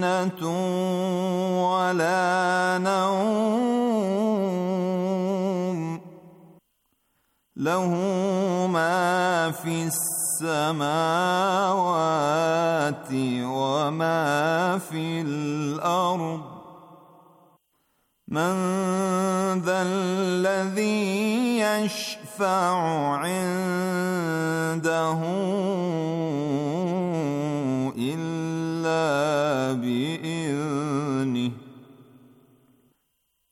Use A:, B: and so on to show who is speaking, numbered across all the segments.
A: سكينة ولا نوم له ما في السماوات وما في الأرض من ذا الذي يشفع عنده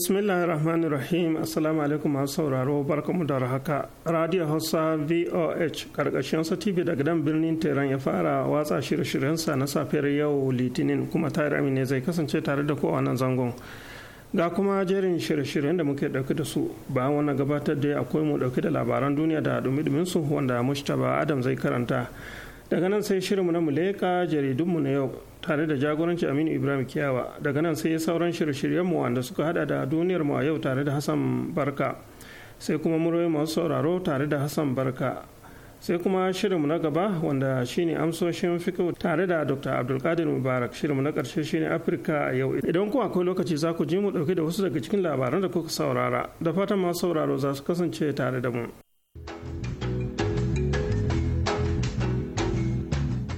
B: bismillah rahman rahim assalamu alaikum masu sauraro barkamu da haka radio hausa voh karkashin sa tv daga dan birnin tehran ya fara watsa shirye shiryen sa na safiyar yau litinin kuma tayar amine zai kasance tare da kowa nan zangon ga kuma jerin shirye-shiryen da muke dauke da su bayan wannan gabatar da akwai mu dauke da labaran duniya da dumi-dumin su wanda mushtaba adam zai karanta daga nan sai shirinmu na muleka jaridunmu na yau tare da jagoranci aminu ibrahim kiyawa daga nan sai sauran shirye-shiryenmu wanda suka hada da duniyar mu a yau tare da hassan barka sai kuma murai masu sauraro tare da hassan barka sai kuma shirinmu na gaba wanda shine amsoshin fiko tare da dr abdulkadir mubarak shirinmu na karshe shine afirka a yau idan kuma akwai lokaci za ku ji mu dauke da wasu daga cikin labaran da kuka saurara da fatan masu sauraro za su kasance tare da mu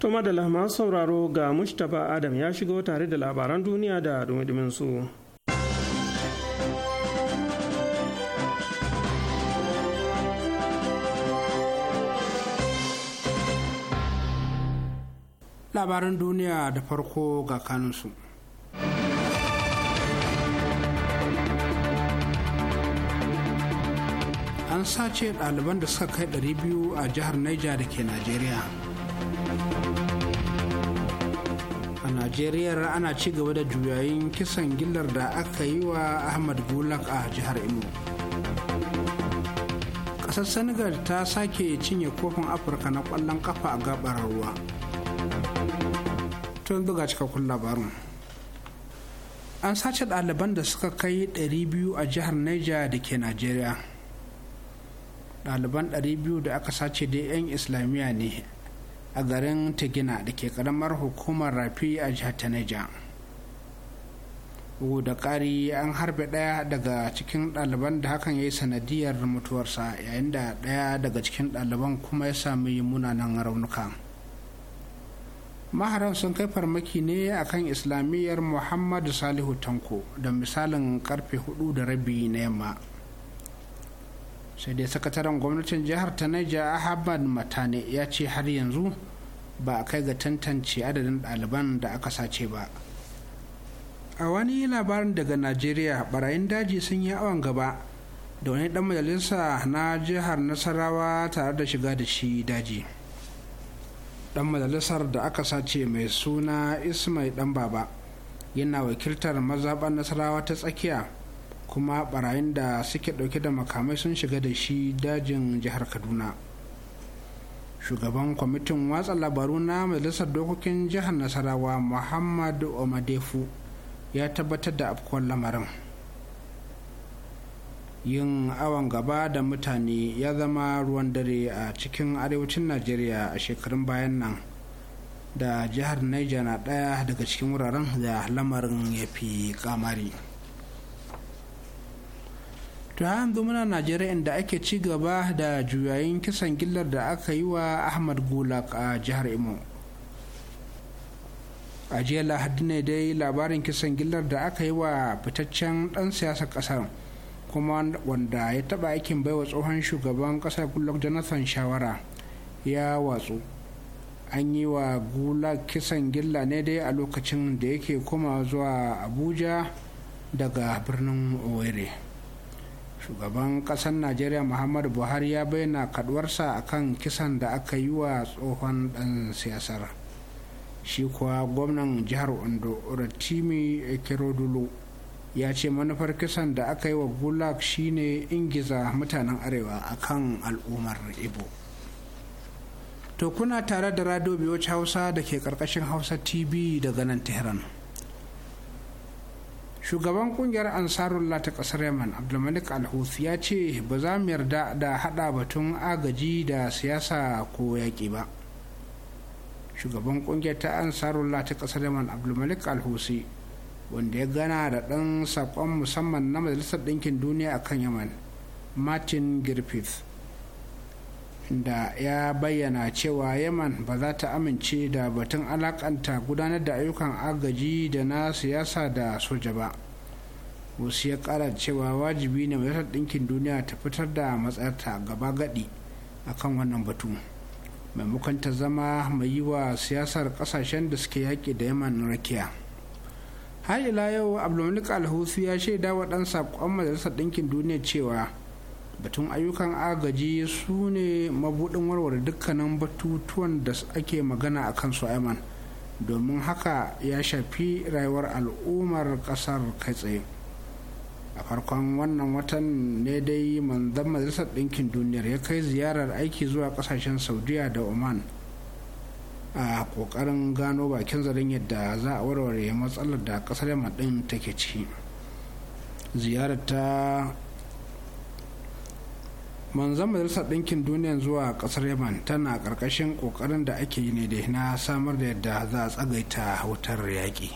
B: To da masu sauraro ga Mustapha Adam ya shigo tare da labaran duniya da dumi su.
C: Labaran duniya da farko ga kanunsu. An sace ɗaliban da suka kai 200 a jihar Niger da ke Najeriya. a najeriya ana ci gaba da juyayin kisan gillar da aka yi wa ahmad gulak a jihar imo ƙasar senegal ta sake cinye kofin afirka na ƙwallon kafa a gabar ruwa tun buga cikakkun labarin an sace ɗaliban da suka kai 200 a jihar niger da ke najeriya ɗaliban 200 da aka sace dai 'yan islamiyya ne a garin tigina da ke karamar hukumar rafi a jihar taneja bugu da kari an harbe ɗaya daga cikin ɗaliban da hakan ya yi sanadiyar mutuwarsa yayin da ɗaya daga cikin ɗaliban kuma ya sami munanan raunuka maharan sun kai farmaki ne a kan islamiyyar muhammadu salihu tanko da misalin karfe hudu da rabi na yamma sai dai sakataren gwamnatin jihar ta naija ahmad matane ya ce har yanzu ba a kai ga tantance adadin ɗaliban da aka sace ba a wani labarin daga najeriya barayin daji sun yi awon gaba da wani dan majalisa na jihar nasarawa tare da shiga da shi daji dan majalisar da aka sace mai suna ismai dan baba yana wakiltar mazaɓar nasarawa ta tsakiya kuma barayin da suke ɗauke da makamai sun shiga da shi dajin jihar kaduna shugaban kwamitin watsa labaru na majalisar dokokin jihar nasarawa muhammad omadefu ya tabbatar da afkuwar lamarin yin awon gaba da mutane ya zama ruwan dare a cikin arewacin najeriya a shekarun bayan nan da jihar niger na ɗaya daga cikin wuraren da lamarin ya fi kamari. to yanzu muna najeriya inda ake ci gaba da juyayin kisan gillar da aka yi wa ahmad gulak a jihar imo a jiya lahadi ne dai labarin kisan gillar da aka yi wa fitaccen ɗan siyasar ƙasar kuma wanda ya taɓa aikin baiwa tsohon shugaban kasar Gulak jonathan shawara ya watsu an yi wa gula kisan gilla ne dai a lokacin da yake koma zuwa abuja daga birnin owerri shugaban kasar najeriya muhammadu buhari ya bayyana kaduwarsa akan kisan da aka yi wa tsohon dan siyasar shi kuwa gwamnan jihar ondo ratimi ekerodulu ya ce manufar kisan da aka yi wa gulag shine ingiza mutanen arewa akan al'ummar ibo to kuna tare da radio biyu hausa da ke karkashin hausa tv daga nan tehran shugaban kungiyar ansarullah ta kasar yaman abdulmalik alhus ya ce ba za mu yarda da hada batun agaji da siyasa ko yaƙi ba shugaban kungiyar ta ansarullah ta kasar yaman abdulmalik alhusi wanda ya gana da ɗan saƙon musamman na majalisar ɗinkin duniya a kan yaman martin griffith da ya bayyana cewa yaman ba za ta amince da batun alakanta gudanar da ayyukan agaji da na siyasa da soja ba wasu ya kara cewa wajibi ne mai ɗinkin duniya ta fitar da matsayarta gaba gadi kan wannan batu maimakon ta zama mai yi wa siyasar ƙasashen da suke yaƙi da yaman rakiya har ila yau abdulmalik alhusu ya shaida wa ɗan saƙon majalisar ɗinkin duniya cewa batun ayyukan agaji su ne mabudin warware dukkanin batutuwan da ake magana a kan aiman domin haka ya shafi rayuwar al'ummar kasar kai tsaye a farkon wannan watan ne dai manzan majalisar ɗinkin duniyar ya kai ziyarar aiki zuwa ƙasashen saudiya da oman a ƙoƙarin gano bakin zarin yadda za a warware matsalar da ƙasar yamma ɗin take ciki ziyarar ta manzan majalisar ɗinkin duniya zuwa ƙasar yaman tana ƙarƙashin ƙoƙarin da ake yi ne da na samar da yadda za a tsagaita wutar yaƙi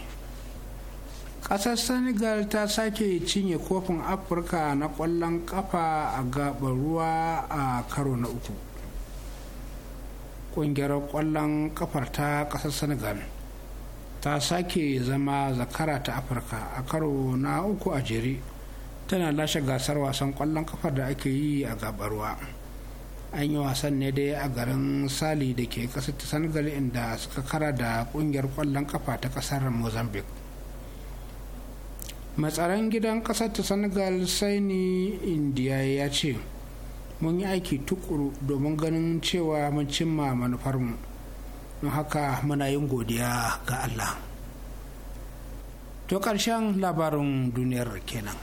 C: ƙasar senegal ta sake cinye kofin afirka na ƙwallon ƙafa a gaɓar ruwa a karo na uku ƙungiyar ƙwallon ƙafar ta ƙasar senegal ta sake zama zakara ta afirka a karo na uku a jere tana lashe gasar wasan kwallon kafar da ake yi a gabarwa an yi wasan ne dai a garin sali da ke kasar ta senegal inda suka kara da kungiyar kwallon kafa ta kasar mozambique matsaran gidan kasar ta senegal saini indiya ya ce mun yi aiki tukuru domin ganin cewa mun cimma manufarmu don haka muna yin godiya ga allah to karshen labarin duniyar kenan.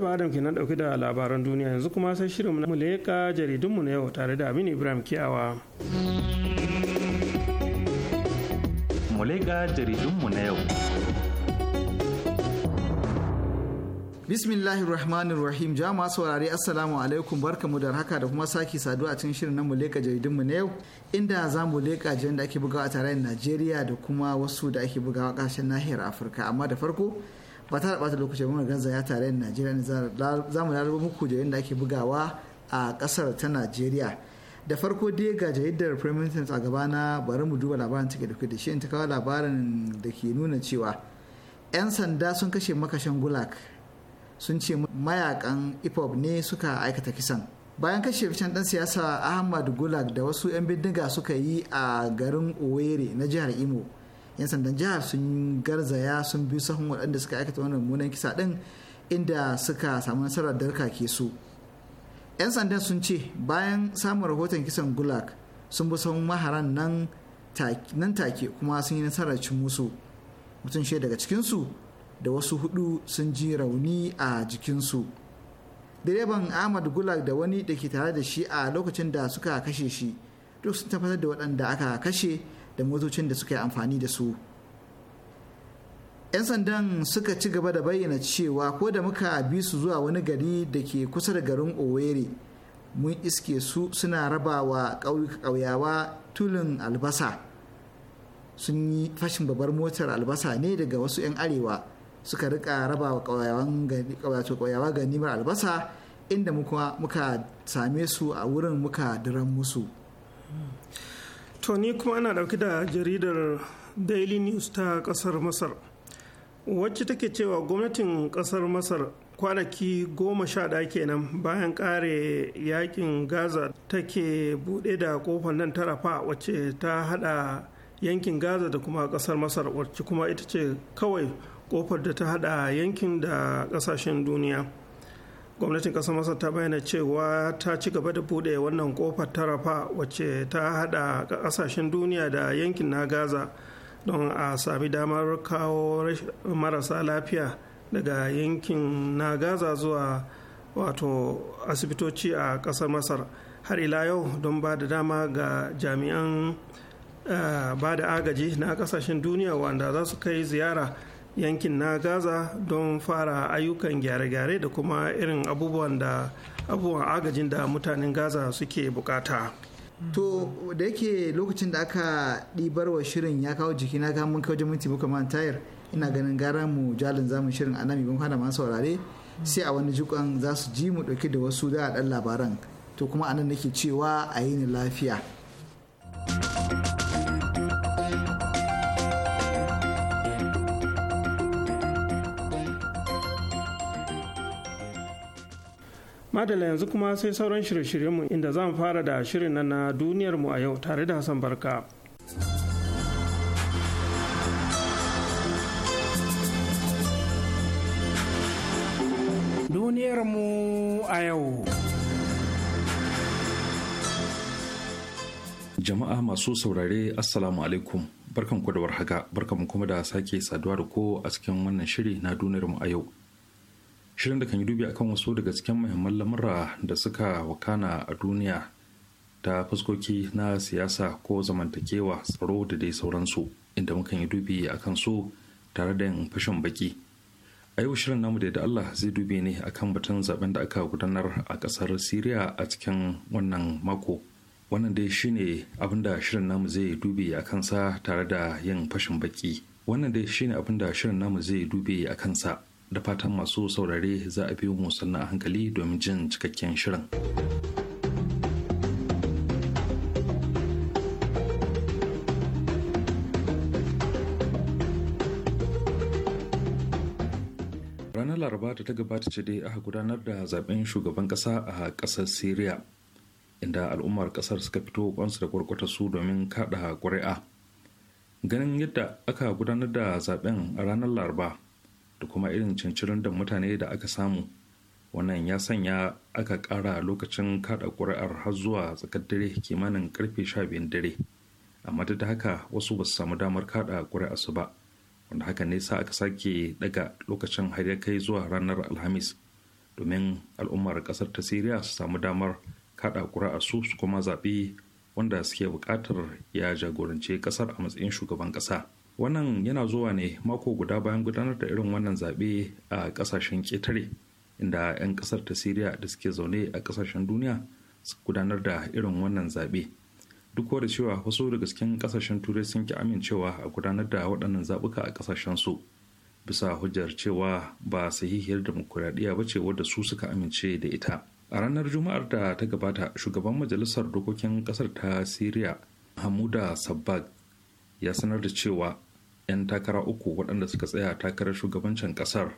B: ba Adam kenan dauke da labaran duniya yanzu kuma sai shirin mu leka jaridunmu na yau tare da Aminu Ibrahim Kiyawa.
D: Mu jaridunmu na yau.
E: Bismillahir Rahmanir Rahim jama'a saurare Assalamu alaikum barkamu da haka da kuma sake saduwa a cikin shirin nan mu jaridun mu na yau inda za mu leka jaridun da ake bugawa a tarayyar Najeriya da kuma wasu da ake bugawa a kasashen nahiyar Afirka amma da farko ba ta bata lokacin mun ganza ya tarayyar Najeriya ne za mu lalubo muku jaridun da ake bugawa a kasar ta Najeriya da farko dai ga jaridar Prime a gaba na bari mu duba labarin take da da shi in ta kawo labarin da ke nuna cewa 'yan sanda sun kashe makashin gulak sun ce mayakan ipob ne suka aikata kisan bayan kashe fitan dan siyasa ahmad gulag da wasu 'yan bindiga suka yi a garin owerri na jihar imo 'yan sandan jihar sun garzaya sun bi sahun waɗanda suka aikata wannan munan kisa ɗin inda suka samu nasarar darka ke su 'yan sandan sun ce bayan samun rahoton kisan gulag sun bi sahun maharan nan take kuma sun yi nasarar cin musu mutum shi daga cikinsu da wasu hudu sun ji rauni a jikinsu direban ahmad gulag da wani da ke tare da shi a lokacin da suka kashe shi duk sun tabbatar da waɗanda aka kashe da motocin da suka yi amfani da su 'yan sandan suka ci gaba da bayyana cewa ko da muka bi su zuwa wani gari da ke kusa da garin owerri mun iske su suna raba wa ƙauyawa tulin albasa sun yi fashin babbar motar albasa ne daga wasu 'yan arewa suka rika raba wa ga ganimar albasa inda muka same su a wurin muka diran musu to ni kuma ana ɗauki
B: da jaridar daily news ta kasar masar wacce take cewa gwamnatin kasar masar kwanaki goma sha ɗaya kenan bayan kare yakin gaza take buɗe da kofar nan tarafa wacce ta haɗa yankin gaza da kuma kasar masar wacce kuma ita ce kawai kofar da ta hada yankin da kasashen duniya gwamnatin kasar masar ta bayyana cewa ta ci gaba da bude wannan kofar ta rafa wacce ta hada kasashen duniya da yankin na gaza don a sami damar kawo marasa lafiya daga yankin na gaza zuwa wato asibitoci a kasar masar har ila yau don ba da dama ga jami'an eh, ba da agaji na kasashen duniya wanda za su kai ziyara yankin na gaza don fara ayyukan gyare-gyare da kuma irin abubuwan da abubuwan agajin da mutanen gaza suke bukata
E: to da yake lokacin da aka ɗibar wa shirin ya kawo jiki na kamun kawo minti muka man tayar ina ganin gara mu jalin zamu shirin a nan hana masu saurare sai a wani jikon za su ji mu ɗauki da wasu da ɗan labaran to kuma anan nake cewa a yi ni lafiya
B: madala yanzu kuma sai sauran shirye-shiryenmu inda zan fara da shirin nan na duniyarmu a yau tare da hassan barka
C: duniyarmu a yau
D: jama'a masu saurare assalamu alaikum barkan ku da warhaka barkan kuma da sake saduwa da ko a cikin wannan shiri na duniyarmu a yau shirin da kan yi dubi akan wasu daga cikin muhimman lamura da suka wakana a duniya ta fuskoki na siyasa ko zamantakewa tsaro da dai sauransu inda mukan yi dubi akan su tare da yin fashin baki a yau shirin namu da Allah zai dubi ne akan batun zaben da aka gudanar a kasar Syria a cikin wannan mako wannan dai shine abin da shirin namu zai dubi a kansa tare da yin fashin baki wannan dai shine abin da shirin namu zai dubi a kansa da fatan masu saurare za a biyo mu sannan a hankali domin jin cikakken shirin. ranar laraba da ta gabata ce dai aka gudanar da zaben shugaban kasa a kasar siriya inda al'ummar kasar suka fito kwansu da kwarkwata su domin kada ƙuri'a ganin yadda aka gudanar da zaben a ranar laraba da kuma irin cincirin da mutane da aka samu wannan ya sanya aka kara lokacin kada ƙuri'ar har zuwa tsakar dare kimanin karfe sha biyun dare amma ta da haka wasu ba su samu damar kada su ba wanda haka ne sa aka sake daga lokacin har ya kai zuwa ranar alhamis domin al'ummar ƙasar ta siriya su samu damar kada ƙuri'arsu su kuma zaɓi wanda suke buƙatar ya jagorance ƙasar a matsayin shugaban ƙasa wannan yana zuwa ne mako guda bayan gudanar da irin wannan zaɓe a ƙasashen ƙetare inda 'yan ƙasar ta siriya da suke zaune a ƙasashen duniya su gudanar da irin wannan zaɓe duk da cewa wasu daga cikin ƙasashen turai sun ki amincewa a gudanar da waɗannan zaɓuka a ƙasashen su bisa hujjar cewa ba sahihiyar demokuraɗiyya ba ce wadda su suka amince da ita a ranar juma'ar da ta gabata shugaban majalisar dokokin ƙasar ta siriya hamuda sabbag ya sanar da cewa 'yan takara uku waɗanda suka tsaya takarar shugabancin ƙasar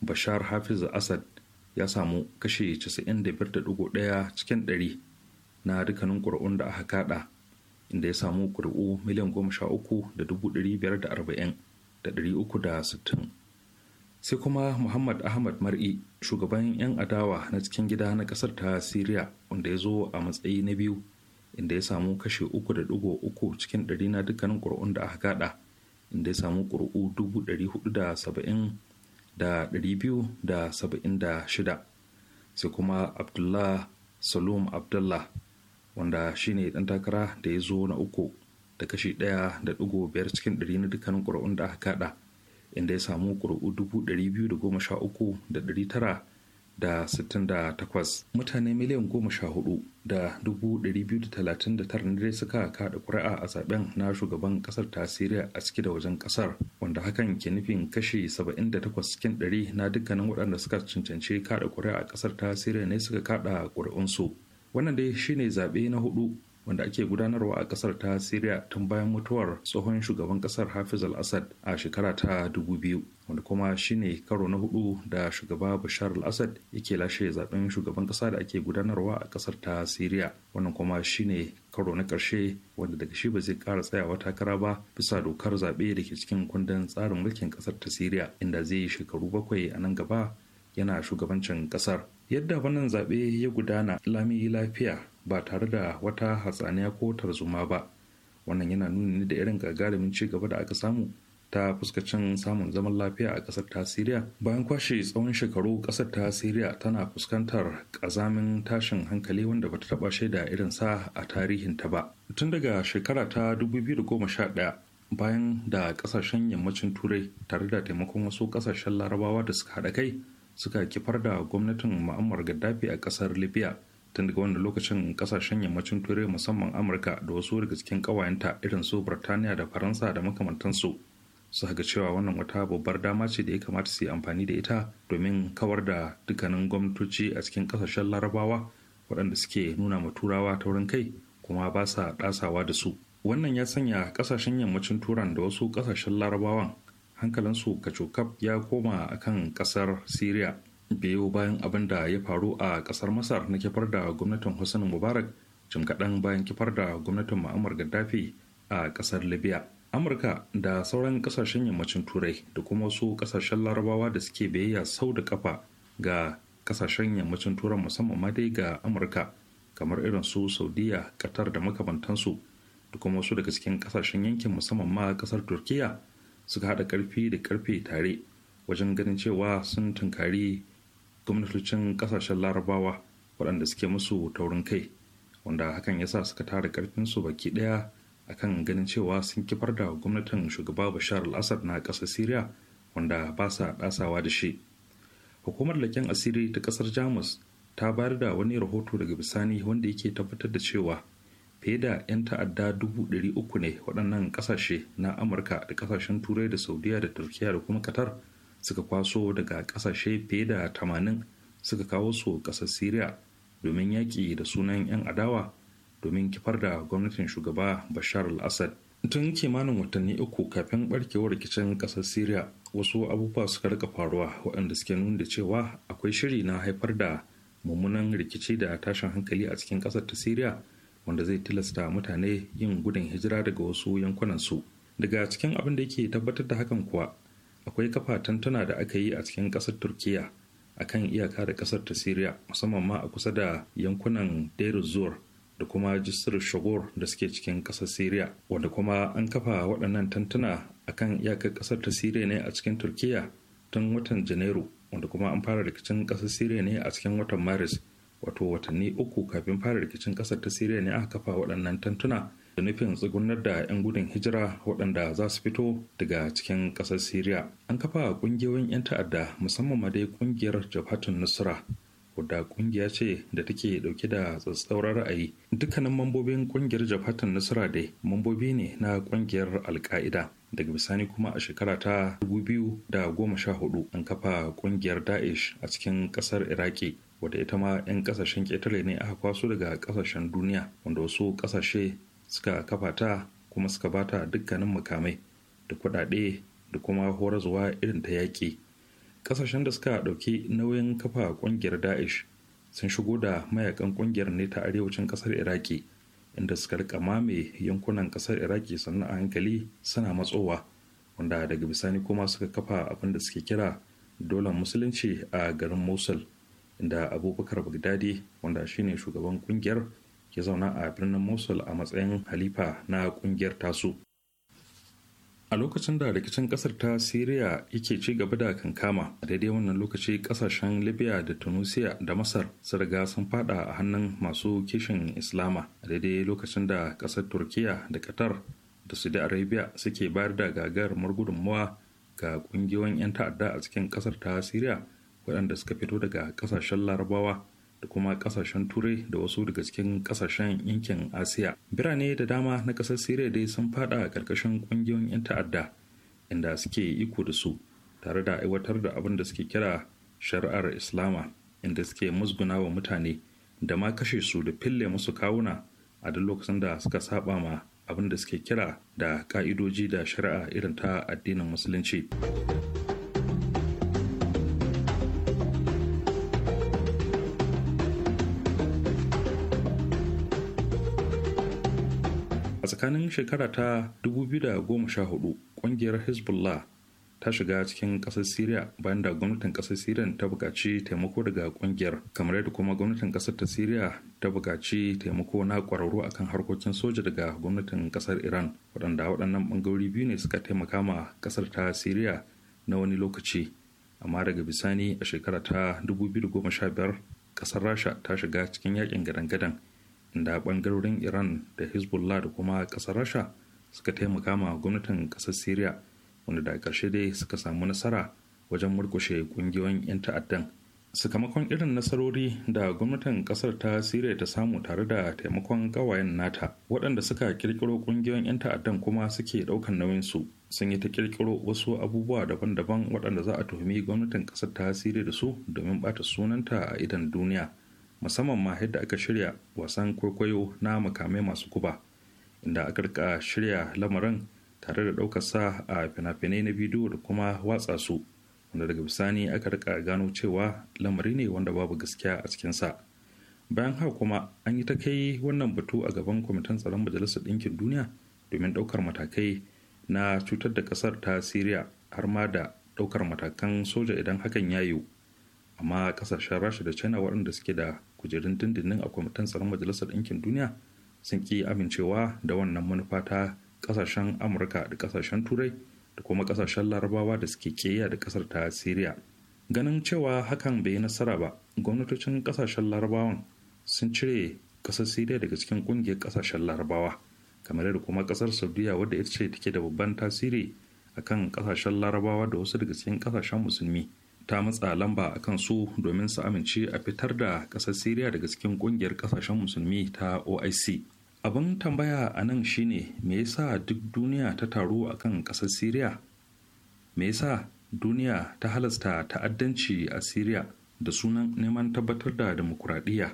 D: bashar hafiz asad ya samu kashe 95.1 cikin 100 na dukkanin ƙuri'un da aka kada inda ya samu ƙuri'u miliyan 13,540,360 sai kuma muhammad ahmad mar'i shugaban 'yan adawa na cikin gida na ƙasar ta syria wanda ya zo a matsayi na biyu inda ya samu kashe 3.3 cikin 100 na dukkanin ƙuri'un da aka kada inda ya samu ƙuri'u 470,276 sai kuma abdullah salum abdullah wanda shine ɗan takara da ya zo na uku da kashi ɗaya da ɗigo biyar cikin ɗari na dukkanin ƙuri'un da aka kaɗa inda ya samu ƙuri'u dubu ɗari biyu da goma sha uku tara da 68 mutane miliyan 14 da 239 dai suka kada kuri'a a zaben na shugaban kasar ta siriya a ciki da wajen kasar wanda hakan ke nufin kashi 78 cikin 100 na dukkanin waɗanda suka cancanci kada kuri'a a kasar ta siriya ne suka kada kuri'unsu wannan dai shine zaɓe na hudu wanda ake gudanarwa a kasar ta Siriya tun bayan mutuwar tsohon shugaban kasar Hafiz al-Assad a shekara ta 2000 wanda kuma shine karo na hudu da shugaba Bashar al-Assad yake lashe zaben shugaban kasa da ake gudanarwa a kasar ta Siriya wannan kuma shine karo na karshe wanda daga shi ba zai kara tsayawa takara ba bisa dokar zaɓe da ke cikin kundin tsarin mulkin kasar ta Siriya inda zai yi shekaru bakwai a nan gaba yana shugabancin kasar yadda wannan zaɓe ya gudana lami lafiya ba tare da wata hatsaniya ko tarzoma ba wannan yana nuni ne da irin gagarumin ci gaba da aka samu ta fuskacin samun zaman lafiya a ƙasar ta siriya bayan kwashe tsawon shekaru ƙasar ta siriya tana fuskantar ƙazamin tashin hankali wanda bata taɓa shaida irin sa a tarihinta ba tun daga shekara ta 2011 bayan da ƙasashen yammacin turai tare da taimakon wasu ƙasashen larabawa da suka haɗa kai suka kifar da gwamnatin ma'ammar gaddafi a ƙasar libya tun daga wanda lokacin kasashen yammacin turai musamman amurka da wasu daga cikin kawayenta irin su birtaniya da faransa da makamantansu su haga cewa wannan wata babbar dama ce da ya kamata su yi amfani da ita domin kawar da dukkanin gwamnatoci a cikin kasashen larabawa waɗanda suke nuna ma turawa ta wurin kai kuma ba sa ɗasawa da su wannan ya sanya kasashen yammacin turan da wasu kasashen larabawan hankalinsu kacokaf ya koma akan ƙasar syria biyu bayan abin da ya faru a kasar masar na kifar da gwamnatin hussein mubarak jim kaɗan bayan kifar da gwamnatin ma'amar gaddafi a kasar libya amurka da sauran kasashen yammacin turai da kuma wasu kasashen larabawa da suke biyayya sau da kafa ga kasashen yammacin turai musamman ma dai ga amurka kamar irin su saudiya qatar da makamantansu da kuma wasu daga cikin kasashen yankin musamman ma kasar turkiya suka haɗa ƙarfi da ƙarfe tare wajen ganin cewa sun tunkari gwamnatocin kasashen larabawa waɗanda suke musu taurin kai wanda hakan ya sa suka tara ƙarfinsu baki ɗaya akan ganin cewa sun kifar da gwamnatin shugaba bashar al-assad na ƙasar syria wanda ba sa ɗasawa da shi hukumar leƙen asiri ta ƙasar jamus ta bayar da wani rahoto daga bisani wanda yake tabbatar da cewa fiye da 'yan ta'adda dubu ɗari uku ne waɗannan ƙasashe na amurka da ƙasashen turai da saudiya da turkiya da kuma qatar suka kwaso daga ƙasashe fiye da tamanin suka kawo su ƙasar syria domin yaƙi da sunan 'yan adawa domin kifar da gwamnatin shugaba bashar al-assad tun kimanin watanni uku kafin barkewar rikicin ƙasar syria wasu abubuwa suka rika faruwa waɗanda suke nuna cewa akwai shiri na haifar da mummunan rikici da tashin hankali a cikin ƙasar ta syria wanda zai tilasta mutane yin gudun hijira daga wasu yankunan su daga cikin abin da yake tabbatar da hakan kuwa akwai kafa tantuna da aka yi a cikin ƙasar turkiya a kan iyaka da ƙasar ta siriya musamman ma a kusa da yankunan deir da kuma jisir shagor da suke cikin ƙasar siriya wanda kuma an kafa waɗannan tantuna a kan iyakar ƙasar ta siriya ne a cikin turkiya tun watan janairu wanda kuma an fara rikicin ƙasar siriya ne a cikin watan maris wato watanni uku kafin fara rikicin ƙasar ta siriya ne aka kafa waɗannan tantuna da nufin tsugunar da 'yan gudun hijira waɗanda za su fito daga cikin ƙasar syria an kafa ƙungiyoyin 'yan ta'adda musamman ma dai ƙungiyar jabhatun nusra wadda ƙungiya ce da take ɗauke da tsatsauran ra'ayi dukkanin mambobin ƙungiyar jabhatun nusra dai mambobi ne na ƙungiyar alka'ida daga bisani kuma a shekara ta hudu. an kafa ƙungiyar daesh a cikin ƙasar iraki wadda ita ma 'yan ƙasashen ƙetare ne aka kwaso daga ƙasashen duniya wanda wasu ƙasashe suka kafa ta kuma suka bata dukkanin mukamai da kuɗaɗe da kuma zuwa irin ta yaƙi ƙasashen da suka ɗauki nauyin kafa ƙungiyar da'ish sun shigo da mayakan ƙungiyar ne ta arewacin ƙasar iraki inda suka rika mame yankunan ƙasar iraki sannan a hankali suna matsowa wanda daga bisani kuma suka kafa abin da suke kira dolan musulunci a garin mosul inda abubakar bagdadi wanda shine shugaban ƙungiyar ya zauna a birnin mosul a matsayin halifa na kungiyar tasu a lokacin da rikicin kasar ta siriya yake ci gaba da kankama a daidai wannan lokaci kasashen libya da tunisia da masar su riga sun fada a hannun masu kishin islama a daidai lokacin da kasar turkiya da qatar da saudi arabia suke bayar da gagar gudunmawa ga kungiyoyin 'yan ta'adda a cikin kasar ta siriya waɗanda suka fito daga kasashen larabawa da kuma kasashen turai da wasu daga cikin kasashen yankin asiya birane da dama na kasar siriya dai sun fada a karkashin kungiyoyin 'yan ta'adda inda suke iko da su tare da aiwatar da abin da suke kira shari'ar islama inda suke musguna wa mutane da ma kashe su da fille musu kawuna a duk lokacin da suka saba ma abin da suke kira da ka'idoji da shari'a irin ta addinin musulunci. a tsakanin shekara ta 2014 kungiyar hezbollah ta shiga cikin kasar syria bayan da gwamnatin kasar syria ta bukaci taimako daga kungiyar kamar yadda kuma gwamnatin kasar ta syria ta bukaci taimako na ƙwararru akan harkokin soja daga gwamnatin kasar iran waɗanda waɗannan ɓangarori biyu ne suka taimaka ma kasar ta syria na wani lokaci amma daga bisani a shekara ta 2015 kasar rasha ta shiga cikin yakin gadan-gadan da bangarorin iran da hezbollah da kuma kasar rasha suka taimaka ma gwamnatin kasar syria wanda da ƙarshe dai suka samu nasara wajen murkushe ƙungiyoyin 'yan ta'addan sakamakon irin nasarori da gwamnatin ƙasar ta siriya ta samu tare da taimakon gawayen nata waɗanda suka ƙirƙiro ƙungiyoyin 'yan ta'addan kuma suke ɗaukan su sun yi ta ƙirƙiro wasu abubuwa daban-daban waɗanda za a tuhumi gwamnatin ƙasar ta siriya da su domin ɓata sunanta a idan duniya musamman ma yadda aka shirya wasan kwaikwayo na makamai masu guba inda aka rika shirya lamarin tare da ɗaukar sa a fina-finai na bidiyo da kuma watsa su wanda daga bisani aka rika gano cewa lamari ne wanda babu gaskiya a cikinsa bayan haka kuma an yi ta kai wannan batu a gaban kwamitin tsaron majalisar ɗinkin duniya domin ɗaukar matakai na cutar da ƙasar ta siriya har ma da ɗaukar matakan soja idan hakan ya yiwu amma kasashen rasha da china waɗanda suke da kujerun dindindin a kwamitin tsaron majalisar ɗinkin duniya sun ki amincewa da wannan manufa ta kasashen amurka da ƙasashen turai da kuma ƙasashen larabawa da suke keya da kasar ta syria ganin cewa hakan bai yi nasara ba gwamnatocin ƙasashen larabawan sun cire ƙasar siriya daga cikin ƙungiyar ƙasashen larabawa kamar da kuma ƙasar saudiya wadda ita ce take da babban tasiri akan ƙasashen larabawa da wasu daga cikin kasashen musulmi ta matsa lamba a kan su domin su amince a fitar da ƙasar siriya daga cikin ƙungiyar ƙasashen musulmi ta oic abin tambaya a nan shine me yasa duk duniya ta taru a kan ƙasar siriya me yasa duniya ta halasta ta'addanci a siriya da sunan neman tabbatar da demokuraɗiyya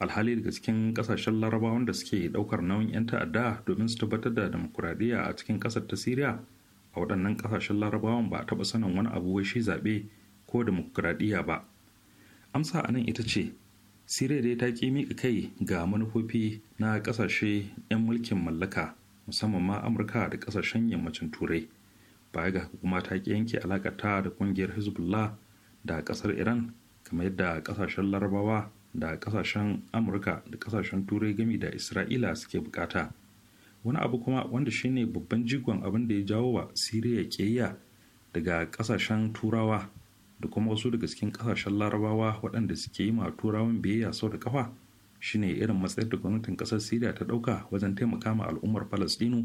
D: alhali daga cikin ƙasashen larabawan da suke ɗaukar nauyin 'yan ta'adda domin su tabbatar da demokuraɗiyya a cikin ƙasar ta siriya a waɗannan ƙasashen larabawan ba a taɓa sanin wani abu wai shi zaɓe ko dimokuraɗiyya ba amsa anan ita ce siriya dai ta ƙi miƙa kai ga manufofi na ƙasashe 'yan mulkin mallaka musamman ma amurka da ƙasashen yammacin turai baya ga kuma ta ƙi yanke alaƙata da ƙungiyar hezbollah da ƙasar iran kamar yadda ƙasashen larabawa da ƙasashen amurka da ƙasashen turai gami da isra'ila suke buƙata wani abu kuma wanda shine babban jigon abin da ya jawo wa siriya ƙiyayya daga ƙasashen turawa da kuma wasu daga cikin kasashen larabawa waɗanda suke yi ma turawan biyayya sau da kafa shine irin matsayar da gwamnatin ƙasar siriya ta ɗauka wajen taimaka ma al'ummar falastinu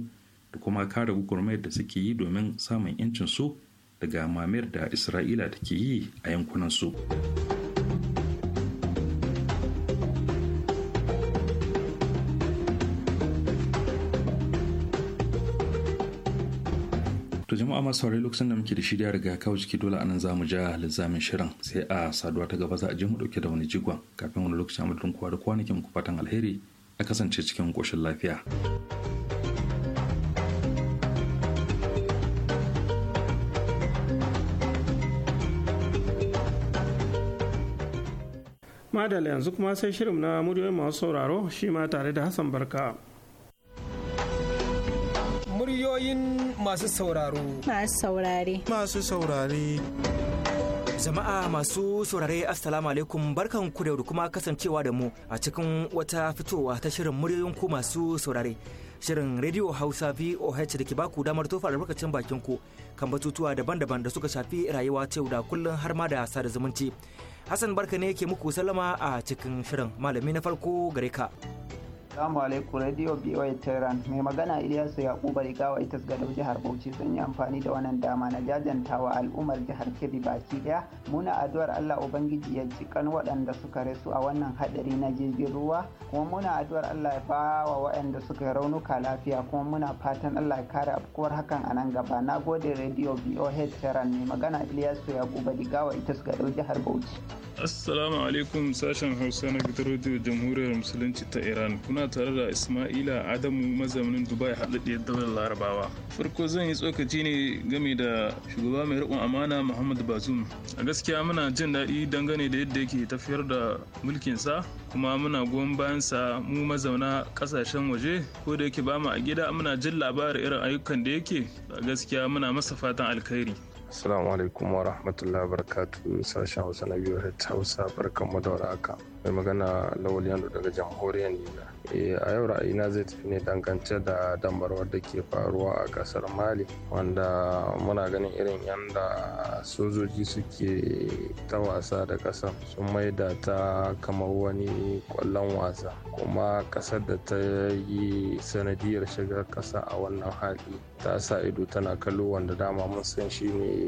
D: da kuma kare gugurmayar da suke yi domin samun 'yancin su daga mamayar da isra'ila take yi a yankunansu. su. to jama'a masu saurari lokacin da muke da shi da riga kawo ciki dole anan za mu ja lizamin shirin sai a saduwa ta gaba za a je mu dauke da wani jigon kafin wani lokacin amadadin kowa da kowa nake muku fatan alheri a kasance cikin koshin lafiya.
B: Madalla yanzu kuma sai shirin na muryoyin masu sauraro shi ma tare da hassan barka
F: Muryoyin masu sauraro.
A: Masu saurare.
F: Masu saurare. Jama'a masu saurare Assalamu alaikum barkan ku da kuma kasancewa da mu a cikin wata fitowa ta shirin muryoyin ku masu saurare. Shirin Radio Hausa VOH da ke baku damar tofa albarkacin bakin ku kan batutuwa daban-daban da suka shafi rayuwa ta da kullum har ma da sada zumunci. Hassan barka ne ke muku sallama a cikin shirin malami na farko gare ka.
E: Assalamu alaikum Radio BOA Tehran mai magana Ilyasu Yakuba Rigawa ita Gadau jihar Bauchi sun yi amfani da wannan dama na jajantawa al'ummar jihar Kebbi baki daya muna addu'ar Allah ubangiji ya ci kan waɗanda suka rasu a wannan hadari na jirgin ruwa kuma muna addu'ar Allah ya bawa waɗanda suka raunuka lafiya kuma muna fatan Allah ya kare afkuwar hakan a nan gaba na gode Radio BOA Tehran mai magana Ilyasu Yakuba Rigawa ita Gadau jihar Bauchi
D: Assalamu alaikum sashen Hausa na gidan Radio Jamhuriyar Musulunci ta Iran kuna tare da Ismaila Adamu mazaunin Dubai haɗaɗɗiyar daular Larabawa. Farko zan yi tsokaci ne game da shugaba mai riƙon amana muhammadu bazum. A gaskiya muna jin daɗi dangane da yadda yake tafiyar da mulkinsa kuma muna goyon bayansa mu mazauna ƙasashen waje ko da yake ba mu a gida muna jin labarin irin ayyukan da yake a gaskiya muna masa fatan alkhairi. Assalamu alaikum wa rahmatullahi wa barakatu sashen Hausa na biyu Hausa barkan mu da warhaka. Mai magana Lawal Yano daga jamhuriyar Nijar. Eh, a yau ra'ayina zai tafi ne dangance da dambarwar da ke faruwa a kasar Mali wanda muna
G: ganin irin yanda
D: sojoji suke ta wasa da kasar sun da ta kamar wani kwallon wasa kuma kasar da ta yi sanadiyar shigar kasa a wannan hali ta sa ido tana kallo wanda dama mun san shi ne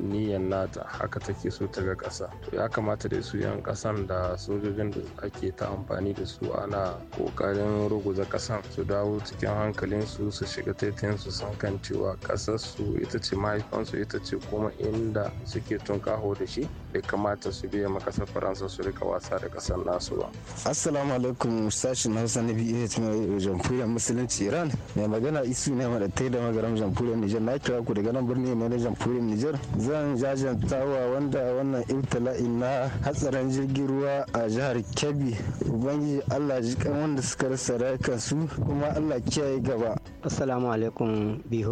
D: niyan nata haka take so ta ga ƙasa to ya kamata da su 'yan ƙasan da sojojin da ake ta amfani da su ana ƙoƙarin ruguza ƙasan su dawo cikin hankalinsu su shiga su san kan cewa ƙasarsu ita ce mahaifansu ita ce kuma inda suke tunkaho da shi bai kamata su biya ma faransa su rika wasa da kasar nasu ba
C: assalamu alaikum sashin hausa na biyu ne jamhuriyar musulunci iran mai magana isu ne mada tai da magaram jamhuriyar nijar na kira ku daga nan birni ne na jamhuriyar nijar zan wa wanda
F: wannan ibtila'i na hatsarin jirgin ruwa a jihar kebbi ubangiji allah jikan wanda suka rasa rayukan su kuma allah kiyaye gaba assalamu alaikum bih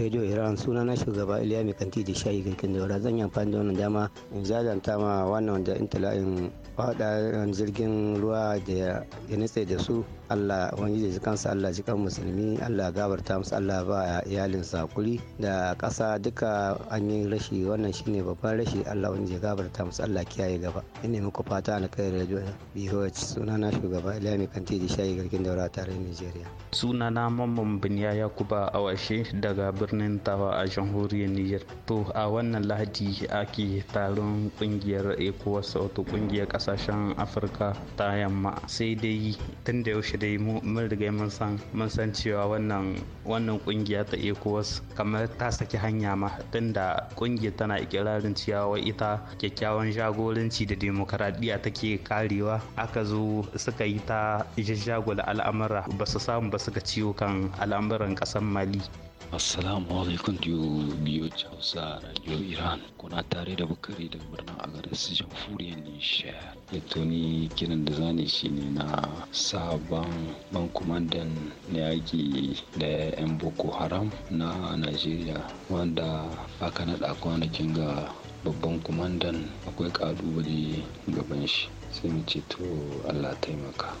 F: radio iran suna na shugaba iliya mai kanti da shayi da daura zan yi amfani da wannan dama in jajanta ma wannan da intila'in faɗa jirgin ruwa da ya nitse da su Allah wani ji kansa Allah ji kan musulmi Allah gabarta musu Allah ba iyalin sakuri da ƙasa duka an yi rashi wannan shine babban rashi Allah ubangiji gabarta musu Allah kiyaye gaba ina muku fata na kai radio suna na shugaba Ilami Kanti da shayi garkin daura tare Nigeria sunana Mamman binya Yakuba Awashe
D: daga birnin Tawa a jamhuriyar Niger to a wannan Lahadi ake taron kungiyar ECOWAS wato kungiyar kasashen Afirka ta yamma sai dai tun da yaushe dai mun riga mun san mun san cewa wannan wannan kungiya ta ECOWAS kamar ta saki hanya ma da kungiyar tana ikirarin cewa ita
F: kyakkyawan jagoranci da demokaradiyya take karewa aka zo suka yi ta jagula al'amura ba su samu ba suka ciwo kan al'amuran kasan mali
H: Assalamu alaikum biyu biyu Hausa Radio Iran
D: kuna tare da Bukari da birnin Agadas Jamhuriyar Nishar. ya tuni kiran da zane shi ne na sabon babban dan kumandan yaƙi da 'yan boko haram na najeriya wanda aka naɗa kwanakin ga babban kumandan akwai ƙalubale gaban shi sai mu ce to allah taimaka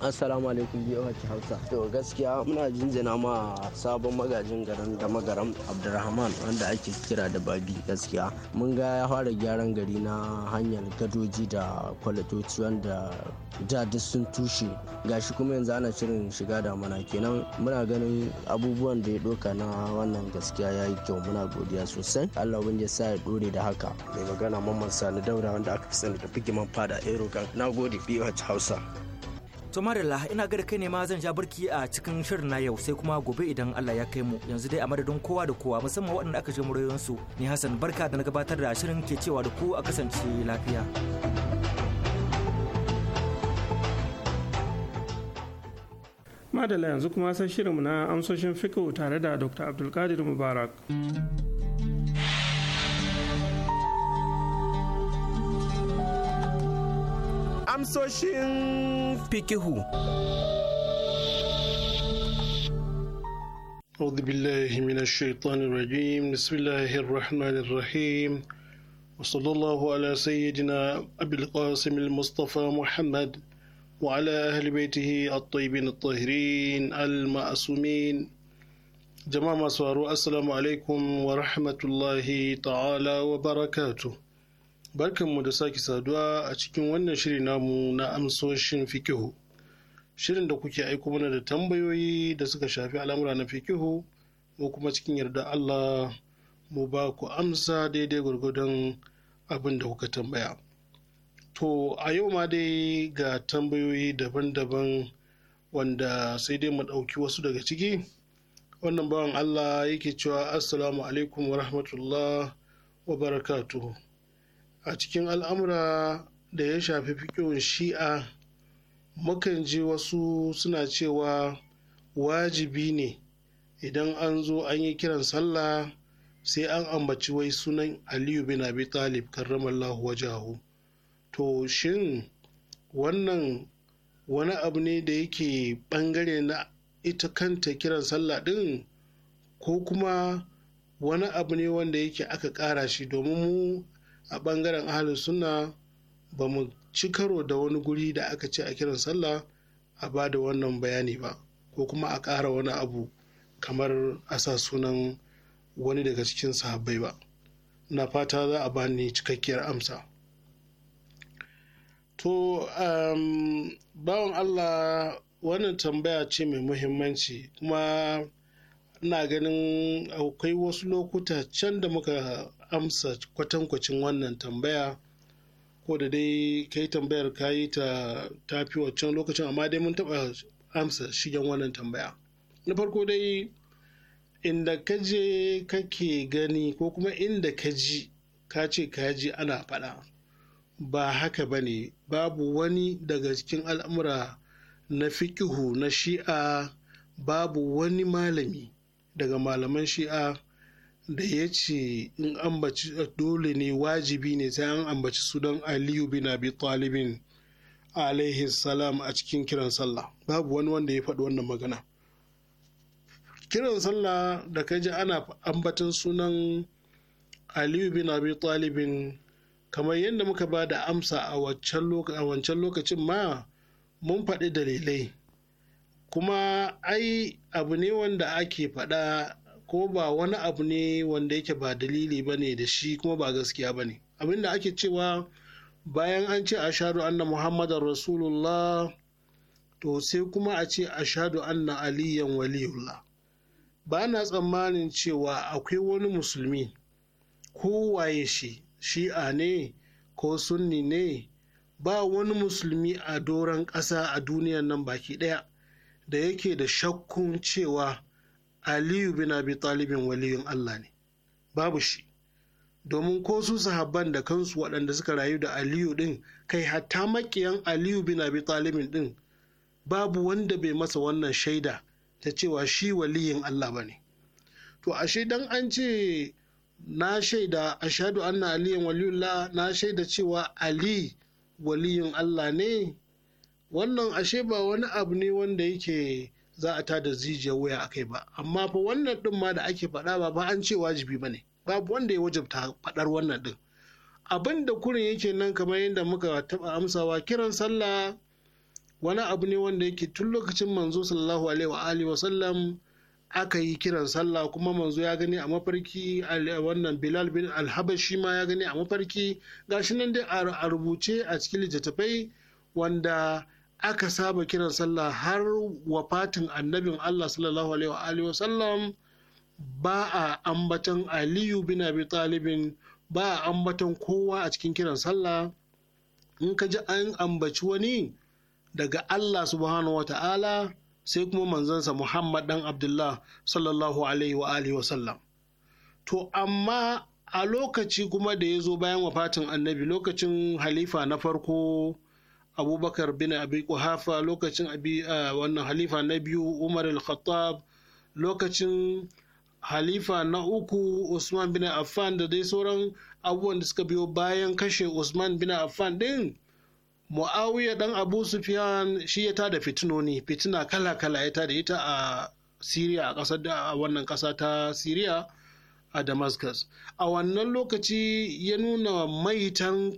C: assalamu alaikum biyu hausa to gaskiya muna jinjina ma sabon magajin garin da magaram abdurrahman wanda ake kira da babi gaskiya mun ga ya fara gyaran gari na hanyar gadoji da kwalatoci wanda da duk sun tushe gashi kuma yanzu ana shirin shiga da mana kenan muna ganin abubuwan da ya doka na wannan gaskiya ya yi kyau muna godiya sosai allah wanda ya sa ya dore da haka mai magana mamman sani daura wanda aka fi sani da figiman fada erogan na gode biyu hausa
F: To Marilla ina gada kai ne ma zan ja barki a cikin shirin na yau sai kuma gobe idan Allah ya kai mu yanzu dai a madadin kowa da kowa musamman waɗanda aka je murayensu ni Hassan barka da na gabatar da shirin ke cewa da ku a kasance lafiya.
B: Madalla yanzu kuma sai shirin na amsoshin fiko tare da Dr. Abdulkadir Mubarak. Amsoshin fikihu.
I: أعوذ بالله من الشيطان الرجيم بسم الله الرحمن الرحيم وصلى الله على سيدنا أبي القاسم المصطفى محمد وعلى أهل بيته الطيبين الطاهرين المعصومين جماعة سوارو السلام عليكم ورحمة الله تعالى وبركاته Barkanmu da sake saduwa a cikin wannan shiri namu na amsoshin fikihu. Shirin da kuke aiko mana da tambayoyi da suka shafi al'amura na fikihu, mu kuma cikin yarda Allah mu ba ku amsa daidai gwargwadon abin da kuka tambaya. To, a yau ma dai ga tambayoyi daban-daban wanda sai dai mu ɗauki wasu daga ciki. Wannan bawan Allah yake cewa Assalamu alaikum wa rahmatullah wa barakatuhu. a cikin al'amura da ya shafi fikiyon shi'a mukan ji wasu suna cewa wajibi ne idan an zo an yi kiran sallah sai an ambaci wai sunan aliyu bin abi talib karramallahu wajahu to shin wannan wani abu ne da yake bangare na ita kanta kiran sallah din ko kuma wani abu ne wanda yake aka kara shi domin mu a ɓangaren ahalin sunna ba mu ci karo da wani guri da aka ce a kiran sallah a ba da wannan bayani ba ko kuma a ƙara wani abu kamar a sa sunan wani daga cikin sahabbai ba na fata za a bani cikakkiyar amsa to um, bawan allah wannan tambaya ce mai muhimmanci kuma ina ganin akwai wasu lokuta can da muka amsa kwatankwacin wannan tambaya ko da dai kai tambayar ka yi ta tafi waccan lokacin amma dai mun taɓa amsa shigen wannan tambaya na farko dai inda ka je kake gani ko kuma inda ka ji ka ce ka ji ana faɗa ba haka ba ne babu wani daga cikin al'amura na fiƙihu na shi'a babu wani malami daga malaman shi'a da ya ce in ambaci dole ne wajibi ne sai an ambaci sunan aliyu bin abi talibin alaihi salam a cikin kiran sallah babu wani wanda ya faɗi wannan magana kiran sallah da ka ji ana ambatan sunan aliyu bin abi talibin kamar yadda muka ba da amsa a wancan lokacin ma mun faɗi dalilai kuma ai abu ne wanda ake faɗa ko ba wani abu ne wanda yake ba dalili ba ne da shi kuma ba gaskiya ba ne abinda ake cewa bayan an ce ashadu anna muhammadar rasulullah to sai kuma a ce ashadu anna aliyan waliyullah ba na tsammanin cewa akwai wani musulmi waye shi shi'a ne ko sunni ne ba wani musulmi a doron ƙasa a duniyan nan baki ɗaya da yake da shakkun cewa aliyu bin abi talibin waliyun allah ne babu shi domin ko su sahabban da kansu waɗanda suka rayu da aliyu ɗin kai hatta makiyan aliyu bin abi talibin ɗin babu wanda bai masa wannan shaida ta cewa shi waliyin allah ba ne to ashe dan an ce na shaida ashadu anna aliyan waliyullah na shaida cewa ali waliyun allah ne wannan ashe ba wani abu ne wanda yake za a tada zijiyar waya a kai ba amma fa wannan din ma da ake faɗa ba ba an ce wajibi ba ne babu wanda ya wajabta faɗar wannan din abin da kurin yake nan kamar yadda muka taɓa amsawa kiran sallah wani abu ne wanda yake tun lokacin manzo sallallahu alaihi wa alihi wa sallam aka yi kiran sallah kuma manzo ya gani a mafarki wannan bilal bin alhabashi ma ya gani a mafarki gashi nan dai a rubuce a cikin littattafai wanda aka saba kiran sallah har wafatin annabin Allah sallallahu alaihi wa sallam ba a ambatan Aliyu bin Abi Talibin ba a ambatan kowa a cikin kiran sallah in ka ji an ambaci wani daga Allah subhanahu wa ta'ala sai kuma manzansa Muhammad dan Abdullah sallallahu alaihi wa sallam to amma a lokaci kuma da ya zo bayan wafatin annabi lokacin halifa na farko abubakar bin abi kuhafa lokacin abi wannan halifa na biyu umar al-khattab lokacin halifa na uku usman bin affan da dai sauran abubuwan da suka biyo bayan kashe usman bin affan din muawiya dan abu sufyan shi ya tada fitinoni fitina kala-kala ya tada ita a siriya a kasar da a wannan ƙasa ta siriya a damascus a wannan lokaci ya nuna maitan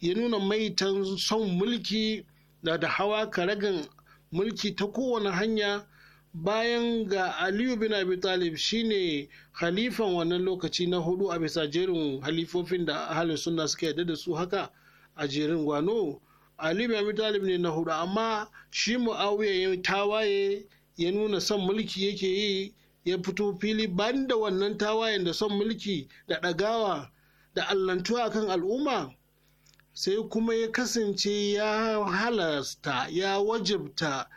I: ya nuna maitan son mulki da da hawa karagan mulki ta kowane hanya bayan ga aliyu bin abi talib shine halifan wannan lokaci na hudu a bisa jerin halifofin da ahalin sunna suka yarda da su haka a jerin gwano aliyu bin abi talib ne na hudu amma shi mu'awiya ya tawaye ya nuna son mulki yake yi ya fito fili banda wannan tawayen da son mulki da dagawa da allantuwa kan al'umma sai kuma ya kasance ya halasta ya wajabta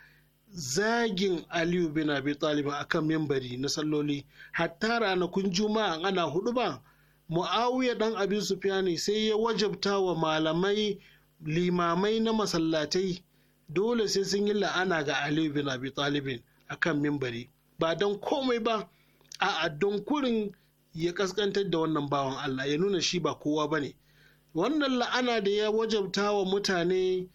I: zagin aliyu bin abi talib a kan mimbari na salloli hatta ranakun juma'a ana hudu ba mu'awiya dan abi sufyani sai ya wajabta wa malamai limamai na masallatai dole sai sun yi la'ana ga aliyu bin abi talibin a kan mimbari ba don komai ba a don kurin ya kaskantar da wannan bawan allah ya nuna shi ba kowa bane. wannan la'ana da ya wajabta wa mutane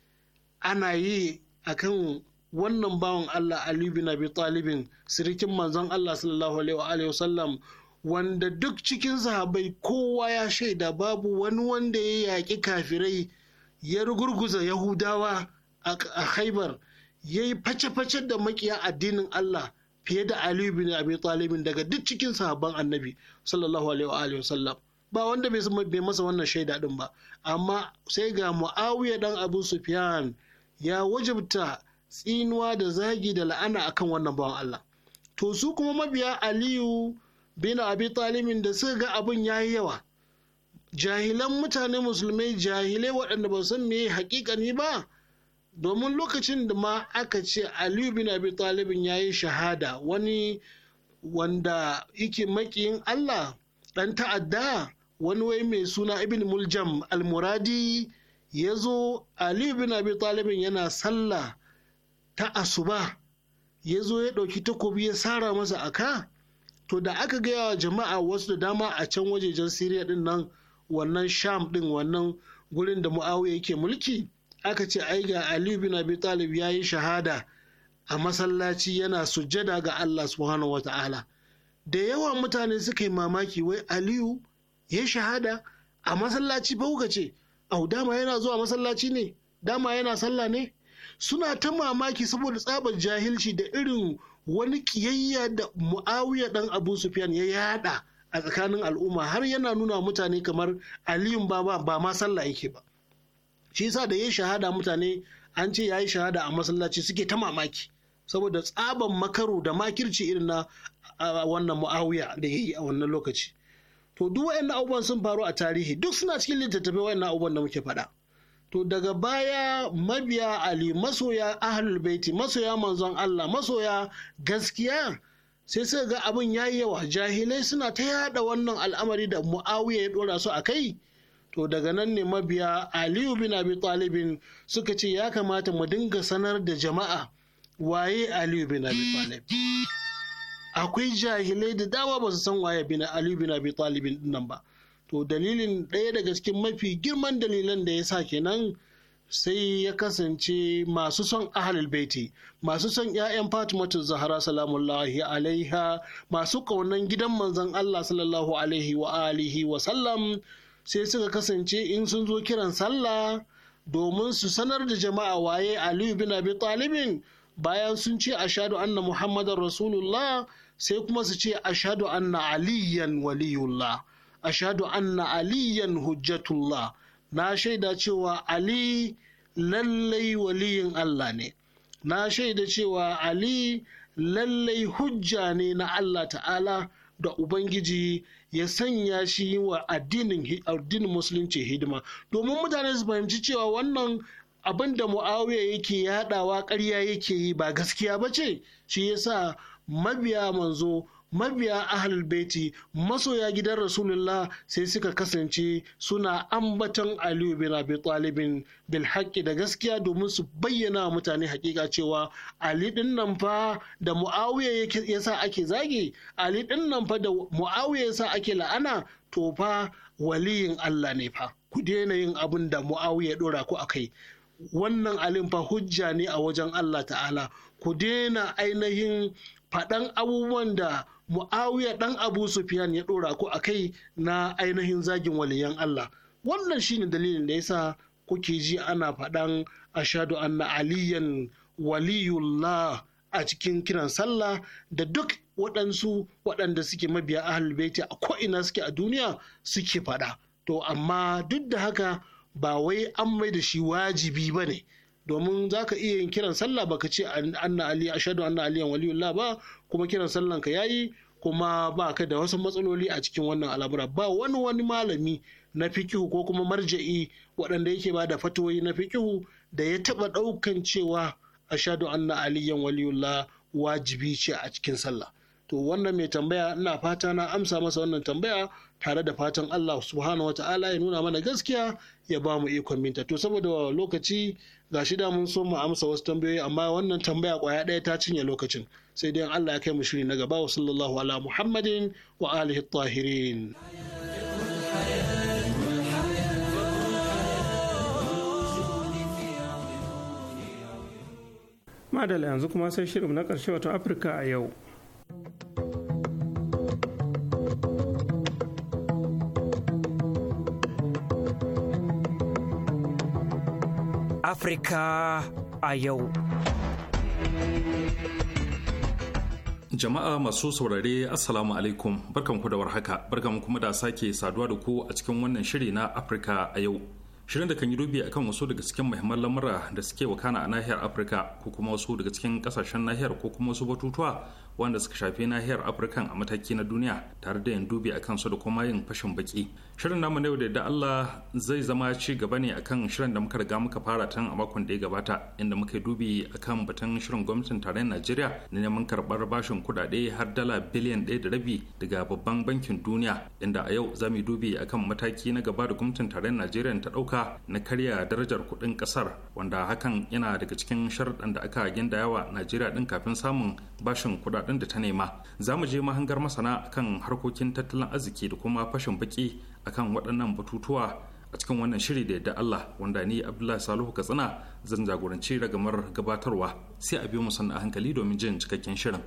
I: ana yi a kan wannan bawan Allah Ali bin Abi Talibin sirikin manzon Allah sallallahu alaihi wanda duk cikin sahabai kowa ya shaida babu wani wanda ya yaƙi kafirai ya rugurguza Yahudawa a haibar ya yi face-face da makiya addinin Allah fiye da Ali bin Abi Talibin daga duk cikin sahabban annabi sallallahu alaihi ba wanda bai masa wannan shaida din ba amma sai ga muawiya dan abu sufyan ya wajibta tsinuwa da zagi da la'ana akan wannan bawan Allah to su kuma mabiya aliyu bin abi talimin da suka ga abin ya yi yawa jahilan mutane musulmai jahilai waɗanda ba san me haƙiƙani ba domin lokacin da ma aka ce aliyu bin abi talibin ya yi shahada wani wanda yake makiyin allah ɗan ta'adda wani wai mai suna ibn muljam almuradi ya zo ali ibn abi talibin yana sallah ta asuba ya zo ya ɗauki takobi ya sara masa aka to da aka gaya wa jama'a wasu da dama a can wajejen siriya din nan wannan sham din wannan gurin da muawiya yake mulki aka ce ai ga ali ibn abi talib ya yi shahada a masallaci yana sujjada ga allah subhanahu ta'ala da yawa mutane suka yi mamaki wai aliyu ya shahada a masallaci fa kuka ce au dama yana zuwa masallaci ne dama yana sallah ne suna ta mamaki saboda tsabar jahilci da irin wani kiyayya da muawiya dan abu sufyan ya yada a tsakanin al'umma har yana nuna mutane kamar aliyun ba ba ma sallah yake ba shi yasa da ya shahada mutane an ce ya yi shahada a masallaci suke ta mamaki saboda tsaban makaru da makirci irin na wannan muawiya da ya yi a wannan lokaci to duk wayannan abubuwan sun faru a tarihi duk suna cikin littattafai waɗannan abubuwan da muke faɗa to daga baya mabiya ali masoya ahlul baiti masoya manzon Allah masoya gaskiya sai suka ga abin yayi yawa jahilai suna ta yada wannan al'amari da muawiya ya dora su a kai to daga nan ne mabiya aliyu bin abi talibin suka ce ya kamata mu dinga sanar da jama'a waye aliyu bin abi talib akwai jahilai da dama ba su san waye bin Ali bin Abi Talib nan ba to dalilin ɗaya daga cikin mafi girman dalilan da ya sa kenan sai ya kasance masu son ahalul baiti masu son 'ya'yan fatimatu Zahra salamullahi alaiha masu ƙaunan gidan manzon allah sallallahu alaihi wa alihi wa sallam sai suka kasance in sun zo kiran sallah domin su sanar da jama'a waye aliyu bin abi talibin bayan sun ce ashadu anna muhammadar rasulullah sai kuma su ce ashadu anna aliyan waliyullah ashadu anna aliyan hujjatullah na shaida cewa ali lallai waliyin Allah ne na shaida cewa ali lallai hujja ne na Allah ta'ala da Ubangiji ya sanya shi wa addinin musulunci hidima domin mutane su fahimci cewa wannan abin da mu'awiya yake yadawa ƙarya yake yi ba gaskiya ba ce shi yasa mabiya manzo mabiya ahal baiti masoya gidan rasulullah sai suka kasance suna ambaton aliyu bin abi talibin bil da gaskiya domin su bayyana mutane hakika cewa ali din nan fa da muawiya yasa ake zagi ali din nan fa da muawiya yasa ake la'ana to fa waliyin allah ne fa ku daina yin abin da muawiya ɗora dora a kai. wannan alin fa hujja ne a wajen allah ta'ala ku daina ainihin faɗan abubuwan da mu'awiya ɗan abu sufiyan ya ɗora ku a kai na ainihin zagin waliyan Allah wannan shi ne dalilin da ya sa kuke ji ana faɗan ashadu anna aliyan waliyullah a cikin kiran sallah da duk waɗansu waɗanda suke mabiya a baiti a ko'ina suke a duniya suke faɗa to amma duk da haka ba wai an mai da shi wajibi ba ne domin za ka iya yin kiran sallah baka ce anna ali ashadu anna aliyan waliyullah ba kuma kiran sallan ka yayi kuma ba ka da wasu matsaloli a cikin wannan al'amura ba wani wani malami na fikihu ko kuma marja'i waɗanda yake ba da fatoyi na fikihu da ya taɓa ɗaukan cewa ashadu anna aliyan waliyullah wajibi ce a cikin sallah to wannan mai tambaya ina fata na amsa masa wannan tambaya tare da fatan Allah subhanahu wataala ya nuna mana gaskiya ya ba mu ikon minta to saboda lokaci ga shi da mun so mu amsa wasu tambayoyi amma wannan tambaya kwaya ɗaya ta cinye lokacin sai dai Allah ya kai mu shiri na gaba wa sallallahu ala muhammadin wa alihi tahirin
B: madala yanzu kuma sai shirin na ƙarshe wato afirka a yau
F: Afirka a yau.
D: Jama'a masu saurare Assalamu alaikum barkanku da warhaka barkan kuma da sake saduwa da ku a cikin wannan shiri na Afirka a yau. Shirin da kan yi dubi akan wasu daga cikin muhimman lamura da suke wakana a nahiyar Afirka ko kuma wasu daga cikin kasashen nahiyar ko kuma wasu batutuwa wanda suka shafi nahiyar Afirka a mataki na duniya tare da yin dubi a su da kuma yin fashin baki shirin namu na yau da allah zai zama ci gaba ne akan shirin da muka riga muka fara tun a makon da ya gabata inda muka dubi akan batun shirin gwamnatin tarayyar najeriya na neman karɓar bashin kuɗaɗe har dala biliyan ɗaya da rabi daga babban bankin duniya inda a yau za mu dubi akan mataki na gaba da gwamnatin tarayyar najeriya ta ɗauka na karya darajar kuɗin ƙasar wanda hakan yana daga cikin sharuɗan da aka yawa najeriya ɗin kafin samun bashin kuɗaɗe kudaden da ta nema za mu je mahangar masana kan harkokin tattalin arziki da kuma fashin baki akan waɗannan batutuwa a cikin wannan shiri da yadda Allah wanda ni Abdullahi Salihu Katsina zan jagoranci ragamar gabatarwa sai a biyo mu sannan a hankali domin jin cikakken shirin.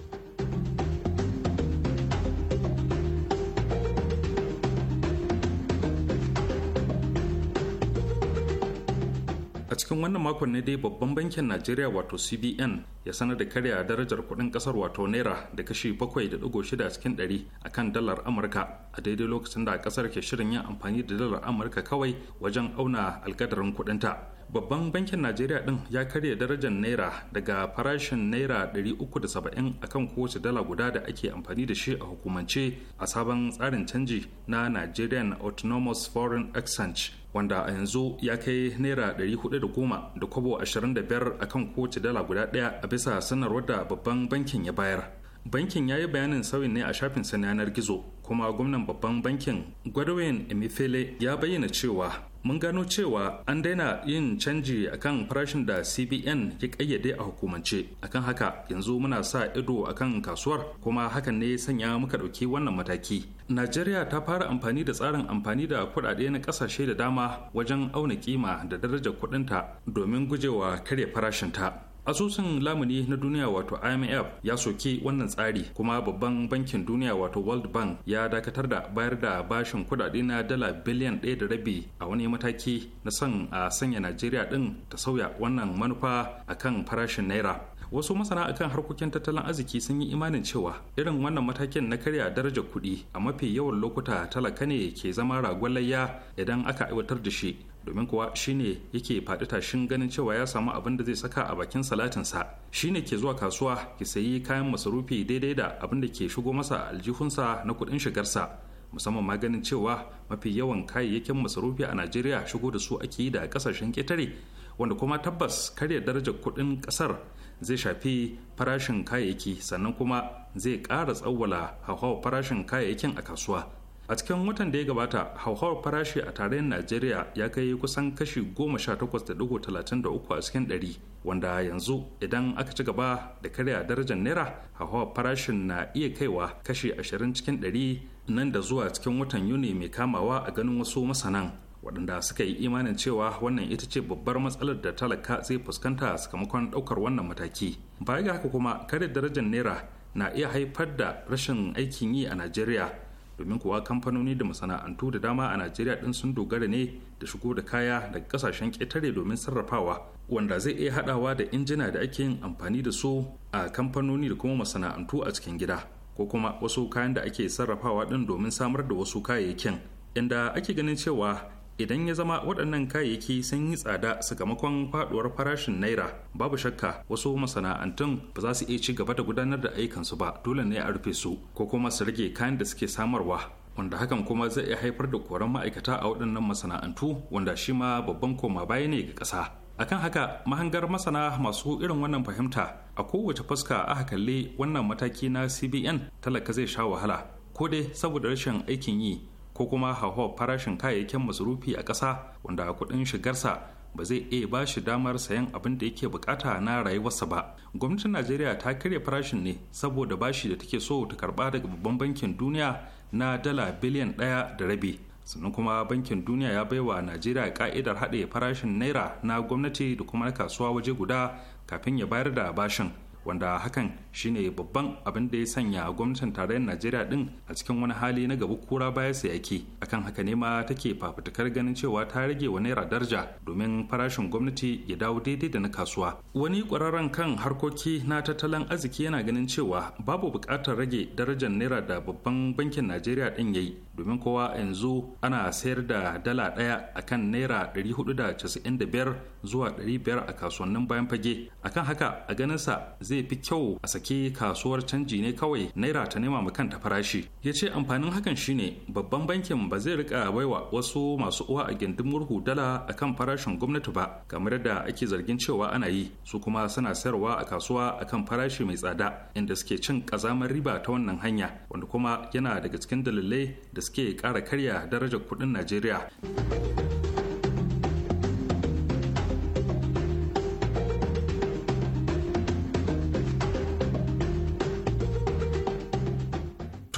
D: cikin wannan makon ne dai babban bankin najeriya wato cbn ya sanar da karya darajar kudin kasar wato naira da kashi 7.6 cikin 100 a kan dalar amurka a daidai lokacin da kasar ke shirin yin amfani da dalar amurka kawai wajen auna alkadarin kudinta babban bankin najeriya din ya karya darajar naira daga farashin naira 370 akan kowace dala guda da ake amfani da shi a hukumance a sabon tsarin canji na nigerian autonomous foreign exchange wanda a yanzu ya kai naira 410 da kwabo 25 kan kowace dala guda daya a bisa sanarwar da babban bankin ya bayar bankin ya yi bayanin sauyin ne a shafin sa yanar gizo kuma gwamnan babban bankin godwin emifele ya bayyana cewa mun gano cewa an daina yin canji akan farashin da cbn ya kayyade a hukumance akan haka yanzu muna sa ido akan kasuwar kuma hakan ne sanya muka ɗauki wannan mataki najeriya ta fara amfani da tsarin amfani da kuɗaɗe na ƙasashe da dama wajen auna kima da darajar kuɗinta domin gujewa karya farashinta asusun lamuni na duniya wato imf ya soke wannan tsari kuma babban bankin duniya wato world bank ya dakatar da bayar da bashin kudade na dala biliyan ɗaya da rabi a wani mataki na son a sanya najeriya ɗin ta sauya wannan manufa akan farashin naira wasu masana akan harkokin tattalin arziki sun yi imanin cewa irin wannan matakin na karya darajar kuɗi a mafi yawan lokuta talaka ne ke zama ragwalayya idan aka aiwatar da shi domin kuwa shine yake faɗi tashin ganin cewa ya samu abin da zai saka a bakin salatinsa shine ke zuwa kasuwa ki sayi kayan masarufi daidai da abin da ke shigo masa aljihunsa na kuɗin shigarsa musamman ma ganin cewa mafi yawan kayayyakin masarufi a najeriya shigo da su ake yi da kasashen ƙetare wanda kuma tabbas karya darajar kuɗin ƙasar zai shafi farashin kayayyaki sannan kuma zai ƙara tsawwala hauhawar farashin kayayyakin a kasuwa a cikin watan da ya gabata hauhawar farashi a tarayyar najeriya ya kai kusan kashi 18.33 a cikin 100 wanda yanzu idan aka ci gaba da karya darajar naira hauhawar farashin na iya kaiwa kashi 20 cikin 100 nan da zuwa cikin watan yuni mai kamawa a ganin wasu masanan waɗanda suka yi imanin cewa wannan ita ce babbar matsalar da talaka zai fuskanta sakamakon ɗaukar wannan mataki baya ga haka kuma kare darajar naira na iya haifar da rashin aikin yi a najeriya domin kuwa kamfanoni da masana'antu da dama a najeriya din sun dogara ne da shigo da kaya daga kasashen ƙetare domin sarrafawa wanda zai iya haɗawa da injina da ake yin amfani da su a kamfanoni da kuma masana'antu a cikin gida ko kuma wasu kayan da ake sarrafawa din domin samar da wasu kayayyakin inda ake ganin cewa idan ya zama waɗannan kayayyaki sun yi tsada sakamakon faɗuwar farashin naira babu shakka wasu masana'antun ba za su iya ci gaba da gudanar da ayyukansu ba dole ne a rufe su ko kuma su rage kayan da suke samarwa wanda hakan kuma zai iya haifar da koran ma'aikata a waɗannan masana'antu wanda shi ma babban koma baya ne ga ƙasa akan haka mahangar masana masu irin wannan fahimta a kowace fuska a kalli wannan mataki na cbn talaka zai sha wahala ko dai saboda rashin aikin yi ko kuma hauhawar farashin kayayyakin masarufi a ƙasa wanda kuɗin shigarsa ba zai iya ba shi damar sayan abin da yake bukata na rayuwarsa ba gwamnatin najeriya ta karya farashin ne saboda bashi da take so ta karba daga babban bankin duniya na dala biliyan ɗaya da rabi sannan kuma bankin duniya ya baiwa najeriya ka'idar haɗe farashin naira na gwamnati da kuma na kasuwa waje guda kafin ya bayar da bashin wanda hakan shine babban abin da ya sanya gwamnatin tarayyar najeriya din a cikin wani hali na gaba kura baya sai yake akan haka ne ma take fafutukar ganin cewa ta rage wa naira daraja domin farashin gwamnati ya dawo daidai da na kasuwa wani kwararren kan harkoki na tattalin arziki yana ganin cewa babu buƙatar rage darajar naira da babban bankin najeriya din yayi domin kowa yanzu ana sayar da dala ɗaya akan naira 495 zuwa 500 a kasuwannin bayan fage akan haka a ganin sa zai fi kyau a sake. ke kasuwar canji ne kawai naira ta nema ma kanta farashi ya ce amfanin hakan shine babban bankin ba zai rika baiwa wasu masu uwa a gindin murhu dala akan farashin gwamnati ba kamar yadda ake zargin cewa ana yi su kuma suna sayarwa a kasuwa akan farashi mai tsada inda suke cin kazamar riba ta wannan hanya wanda kuma yana daga cikin dalilai da suke kara karya darajar kuɗin najeriya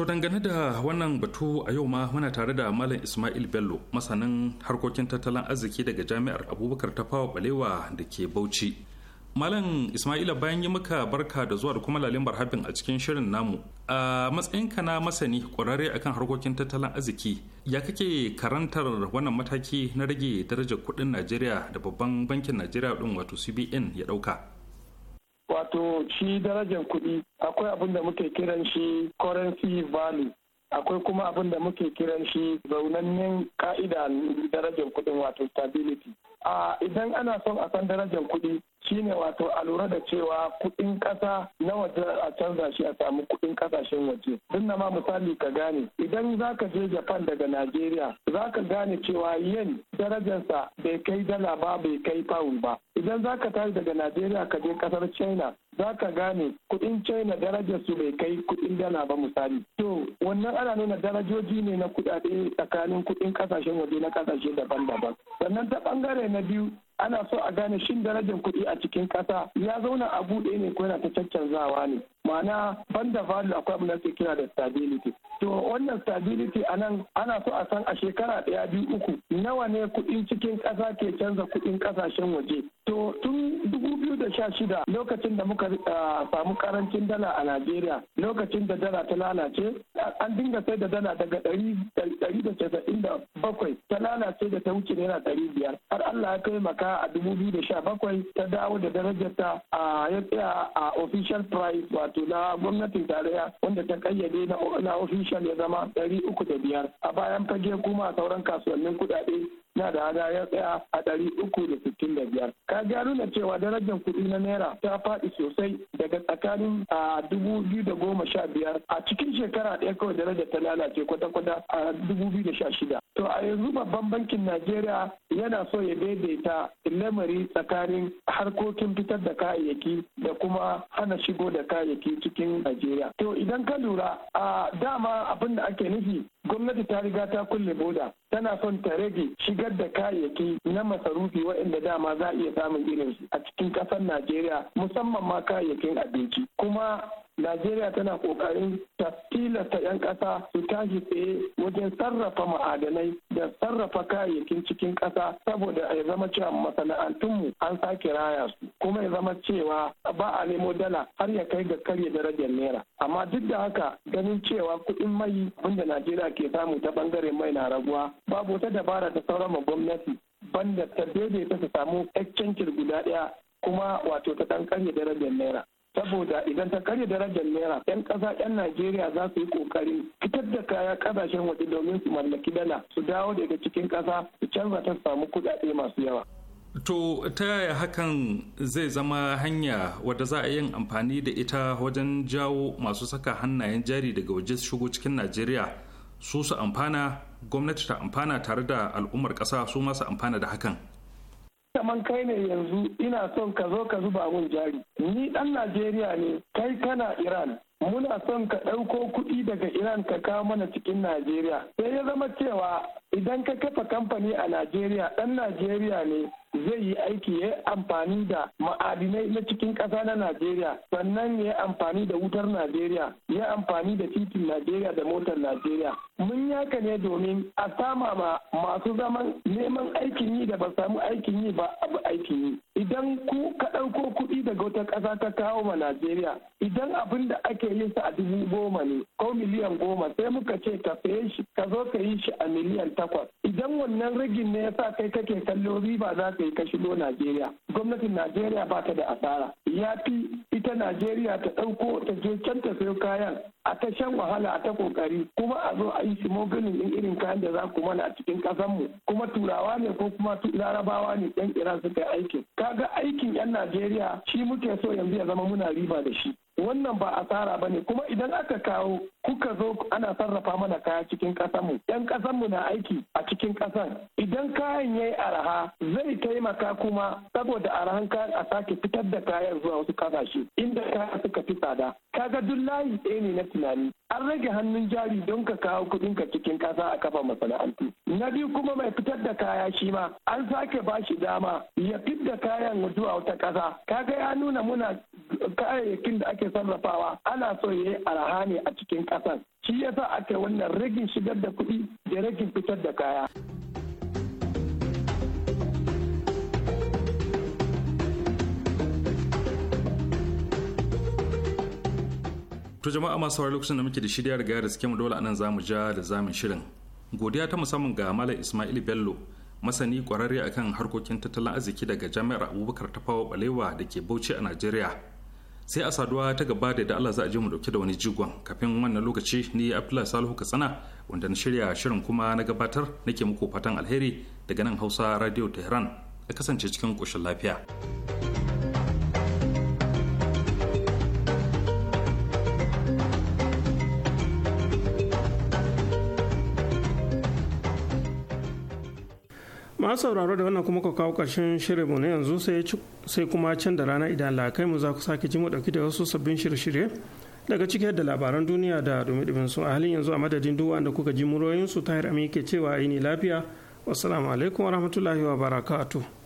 D: dangane da wannan batu a yau ma muna tare da Malam Ismail Bello masanin harkokin tattalin arziki daga Jami'ar Abubakar ta fawa balewa da ke Bauchi. Malam Ismaila bayan yi maka barka da zuwa da kuma lalin barhabin a cikin shirin namu. A matsayinka na masani kwararre akan harkokin tattalin arziki, ya kake karantar wannan mataki na rage darajar kudin Najeriya da babban bankin Najeriya din wato CBN ya dauka.
H: wato shi darajar kuɗi akwai abin da muke kiran shi currency value akwai kuma abin da muke kiran shi zaunannen ka'ida darajar kuɗin wato stability a idan ana son a san darajar kuɗi shine wato a lura da cewa kuɗin ƙasa na waje a canza shi a samu kuɗin ƙasashen waje duk na ma misali ka gane idan za ka je japan daga najeriya za ka gane cewa yen darajarsa bai kai dala ba bai kai pound ba idan za ka tashi daga najeriya ka je ƙasar china za ka gane kuɗin china darajar su bai kai kuɗin dala ba misali to wannan ana nuna darajoji ne na kuɗaɗe tsakanin kuɗin ƙasashen waje na ƙasashe daban-daban sannan ta ɓangare na biyu ana so a gane shin darajar kuɗi a cikin ƙasa ya zauna a buɗe ne ko yana ta caccanzawa ne ma'ana ban da value akwai abin da ke kira da stability to wannan stability a nan ana so a san a shekara ɗaya biyu uku nawa ne kuɗin cikin kasa ke canza kuɗin ƙasashen waje to tun shida lokacin da muka samu karancin dala a Najeriya lokacin da dala ta lalace an dinga sai da dala daga ɗari da casa'in bakwai ta lalace da ta wuce naira ɗari biyar har Allah ya kai maka a dubu biyu da sha bakwai ta dawo da darajarta a ya tsaya a official price wato na gwamnatin tarayya wanda ta kayyade na official ya zama ɗari uku da biyar a bayan fage kuma sauran kasuwannin kuɗaɗe na da hada ya tsaya a ɗari uku da sittin da biyar. Ka ga nuna cewa darajar kuɗi na naira ta faɗi sosai daga tsakanin a dubu biyu da goma sha biyar a cikin shekara ɗaya kawai daraja ta lalace kwata-kwata a dubu biyu da sha shida. To a yanzu babban bankin Najeriya yana so ya daidaita lamari tsakanin harkokin fitar da kayayyaki da kuma hana shigo da kayayyaki cikin Najeriya. To idan ka lura a dama abin da ake nufi gwamnati ta riga ta kulle boda tana son ta rage shigar da kayayyaki na masarufi waɗanda dama za a iya samun irinsu a cikin ƙasar Najeriya musamman ma kayayyakin abinci. Kuma Najeriya tana kokarin ta tilasta 'yan kasa su tashi tsaye wajen sarrafa ma'adanai da sarrafa kayayyakin cikin kasa saboda ya zama cewa masana'antunmu an sake raya su kuma ya zama cewa ba a nemo dala har ya kai ga karya darajar naira amma duk da haka ganin cewa kuɗin mai wanda Najeriya ke samu ta bangaren mai na raguwa babu wata dabara ta sauran gwamnati banda ta daidaita su samu exchange guda ɗaya kuma wato ta ɗan karya darajar naira. saboda idan ta karya darajar naira yan kasa yan najeriya za su yi ƙoƙarin fitar da kaya ƙasashen waje domin su mallaki dala su dawo daga cikin kasa su canza ta samu kudade masu yawa
D: To ta yaya hakan zai zama hanya wadda za a yin amfani da ita wajen jawo masu saka hannayen jari daga waje su shigo cikin Najeriya su su amfana gwamnati ta amfana tare da al'ummar kasa su masu amfana da hakan.
H: kaman kai ne yanzu ina son ka zo ka zuba mun jari ni dan najeriya ne kai kana iran muna son ka ɗauko kuɗi daga iran ka kawo mana cikin najeriya sai ya zama cewa idan ka kafa kamfani a najeriya dan najeriya ne zai yi aiki ya amfani da ma'adinai na cikin ƙasa na Najeriya sannan ya amfani da wutar Najeriya ya amfani da titin Najeriya da motar Najeriya. Mun yaka ne domin a sama ma masu zaman neman aikin yi da ba samu aikin yi ba abu aikin yi. Idan ku ka ɗauko kuɗi daga wata ƙasa ka kawo ma Najeriya idan abin da ake yin sa a dubu goma ne ko miliyan goma sai muka ce ka saye shi ka zo ka yi shi a miliyan takwas. Idan wannan ragin ne ya sa kai kake kallo riba za aka yi ta shigo Najeriya. Gwamnatin Najeriya ba ta da asara. Ya fi ita Najeriya ta ɗauko ta je can ta sayo kayan a ta shan wahala a ta kokari kuma a zo a yi simoganin din irin kayan da za ku mana a cikin mu kuma turawa ne ko kuma larabawa ne yan iran suka yi aikin kaga aikin yan najeriya shi muke so yanzu ya zama muna riba da shi wannan ba asara ba ne kuma idan aka kawo kuka zo ana sarrafa mana kaya cikin ƙasanmu yan mu na aiki a cikin ƙasan idan kayan yayi araha zai taimaka kuma saboda arahan kayan a sake fitar da kayan zuwa wasu ƙasashe inda kaya suka fi tsada kaga duk layi ɗaya ne na tunani an rage hannun jari don ka kawo kudin ka cikin kasa a kafa masana'antu na biyu kuma mai fitar da kaya shi ma an sake ba shi dama ya fidda kayan zuwa wata kasa kaga ya nuna muna kayayyakin da ake sarrafawa ana so yayi arha ne a cikin kasan shi yasa ake wannan ragin shigar da kuɗi da ragin fitar da kaya
D: to jama'a masu saurari lokacin da muke da shirya riga da mu dole anan zamu ja da zamin shirin godiya ta musamman ga malam ismail bello masani kwararre akan harkokin tattalin arziki daga jami'ar abubakar tafawa balewa da ke bauchi a najeriya sai a saduwa ta gaba da da allah za a je mu dauke da wani jigon kafin wannan lokaci ni abdullahi salihu katsina wanda na shirya shirin kuma na gabatar nake muku fatan alheri daga nan hausa radio tehran a kasance cikin koshin lafiya.
B: masu sauraro da wannan kuma ka kawo ƙarshen shirinmu na yanzu sai kuma can da rana idan lakai mu za ku sake ji mu ɗauki da wasu sabbin shirye-shirye daga ciki da labaran duniya da dumi su a halin yanzu a madadin duk wanda kuka ji muroyinsu tahir amin ke cewa yi ni lafiya wasu alaikum wa barakatuh.